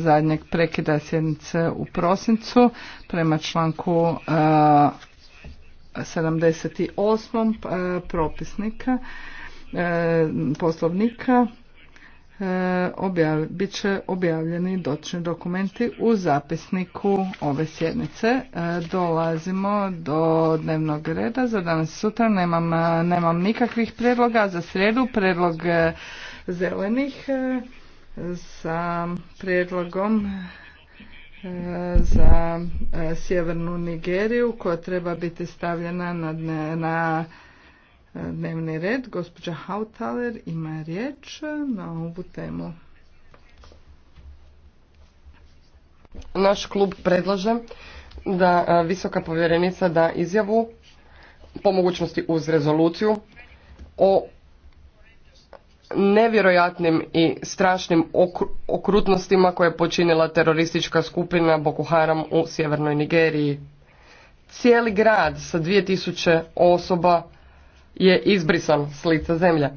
zadnjeg prekida sjednice u prosincu prema članku 78. Eh, eh, propisnika eh, poslovnika objav, bit će objavljeni dočni dokumenti u zapisniku ove sjednice. Dolazimo do dnevnog reda. Za danas sutra nemam, nemam nikakvih prijedloga. Za srijedu Predlog zelenih sa prijedlogom e, za e, sjevernu Nigeriju koja treba biti stavljena na, e, dnevni red. Gospođa Hautaler ima riječ na ovu temu. Naš klub predlaže da visoka povjerenica da izjavu po mogućnosti uz rezoluciju o nevjerojatnim i strašnim okrutnostima koje je počinila teroristička skupina Boko Haram u sjevernoj Nigeriji. Cijeli grad sa 2000 osoba je izbrisan s lica zemlje.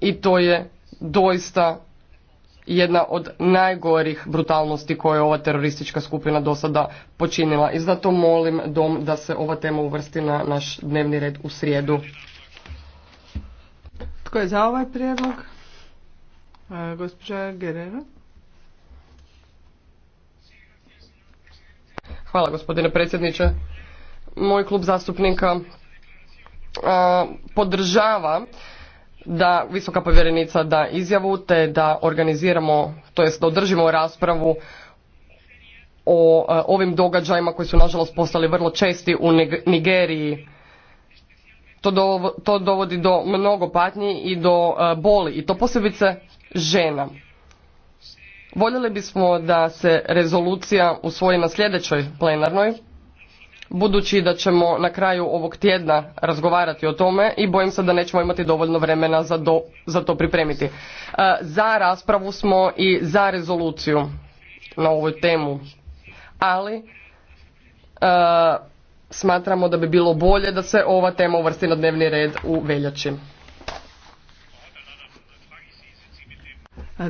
I to je doista jedna od najgorih brutalnosti koje je ova teroristička skupina do sada počinila. I zato molim dom da se ova tema uvrsti na naš dnevni red u srijedu. Tko ovaj e, Hvala gospodine predsjedniče. Moj klub zastupnika e, podržava da visoka povjerenica da izjavu te da organiziramo, to jest da održimo raspravu o e, ovim događajima koji su nažalost postali vrlo česti u Nigeriji to, to dovodi do mnogo patnji i do e, boli i to posebice žena. Voljeli bismo da se rezolucija usvoji na sljedećoj plenarnoj, budući da ćemo na kraju ovog tjedna razgovarati o tome i bojim se da nećemo imati dovoljno vremena za, za to pripremiti. E, za raspravu smo i za rezoluciju na ovoj temu, ali e, smatramo da bi bilo bolje da se ova tema uvrsti na dnevni red u veljači.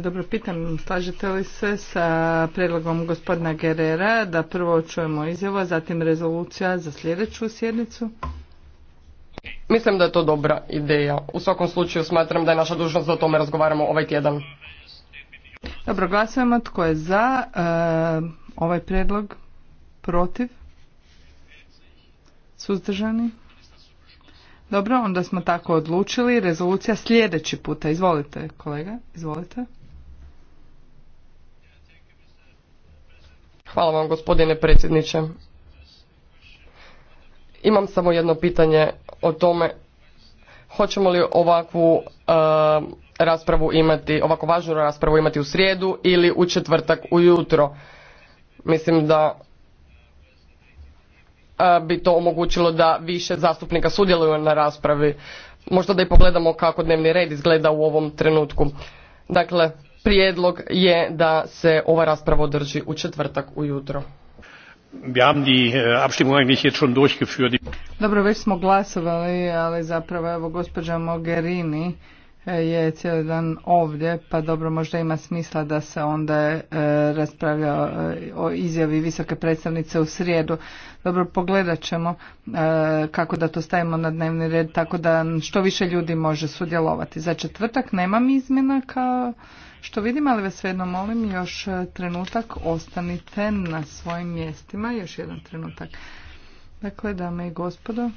Dobro, pitam, slažete li se sa predlogom gospodina Gerera da prvo čujemo izjavu, zatim rezolucija za sljedeću sjednicu? Mislim da je to dobra ideja. U svakom slučaju smatram da je naša dužnost da o tome razgovaramo ovaj tjedan. Dobro, glasujemo. Tko je za e, ovaj predlog? Protiv? Suzdržani? Dobro, onda smo tako odlučili. Rezolucija sljedeći puta. Izvolite, kolega. Izvolite. Hvala vam, gospodine predsjedniče. Imam samo jedno pitanje o tome hoćemo li ovakvu e, raspravu imati, ovako važnu raspravu imati u srijedu ili u četvrtak ujutro. Mislim da bi to omogućilo da više zastupnika sudjeluju na raspravi. Možda da i pogledamo kako dnevni red izgleda u ovom trenutku. Dakle, prijedlog je da se ova rasprava održi u četvrtak ujutro. Äh, Dobro, već smo glasovali, ali zapravo evo gospođa Mogherini je cijeli dan ovdje, pa dobro možda ima smisla da se onda e, raspravlja e, o izjavi visoke predstavnice u srijedu. Dobro, pogledat ćemo e, kako da to stavimo na dnevni red, tako da što više ljudi može sudjelovati. Za četvrtak nemam izmjena kao što vidim, ali vas svejedno molim još trenutak ostanite na svojim mjestima, još jedan trenutak. Dakle, dame i gospodo,